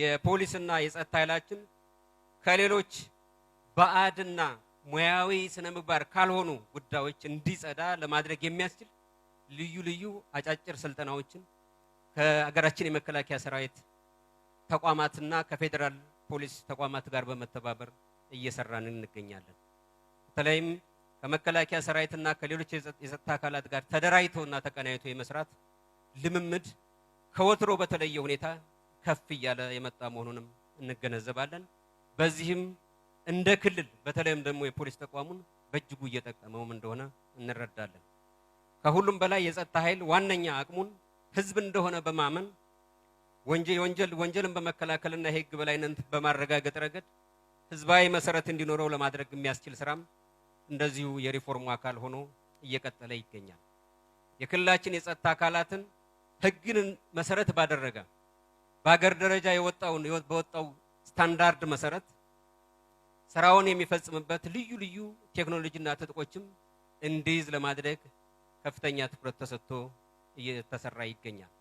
የፖሊስና የጸጥታ ኃይላችን ከሌሎች ባዕድና ሙያዊ ስነ ምግባር ካልሆኑ ጉዳዮች እንዲጸዳ ለማድረግ የሚያስችል ልዩ ልዩ አጫጭር ስልጠናዎችን ከሀገራችን የመከላከያ ሰራዊት ተቋማትና ከፌዴራል ፖሊስ ተቋማት ጋር በመተባበር እየሰራን እንገኛለን። በተለይም ከመከላከያ ሰራዊትና ከሌሎች የጸጥታ አካላት ጋር ተደራጅቶና ተቀናይቶ የመስራት ልምምድ ከወትሮ በተለየ ሁኔታ ከፍ እያለ የመጣ መሆኑንም እንገነዘባለን። በዚህም እንደ ክልል በተለይም ደግሞ የፖሊስ ተቋሙን በእጅጉ እየጠቀመውም እንደሆነ እንረዳለን። ከሁሉም በላይ የጸጥታ ኃይል ዋነኛ አቅሙን ህዝብ እንደሆነ በማመን ወንጀልን በመከላከልና የህግ በላይነት በማረጋገጥ ረገድ ህዝባዊ መሰረት እንዲኖረው ለማድረግ የሚያስችል ስራም እንደዚሁ የሪፎርሙ አካል ሆኖ እየቀጠለ ይገኛል። የክልላችን የጸጥታ አካላትን ህግን መሰረት ባደረገ በሀገር ደረጃ የወጣውን በወጣው ስታንዳርድ መሰረት ስራውን የሚፈጽምበት ልዩ ልዩ ቴክኖሎጂና ትጥቆችም እንዲይዝ ለማድረግ ከፍተኛ ትኩረት ተሰጥቶ እየተሰራ ይገኛል።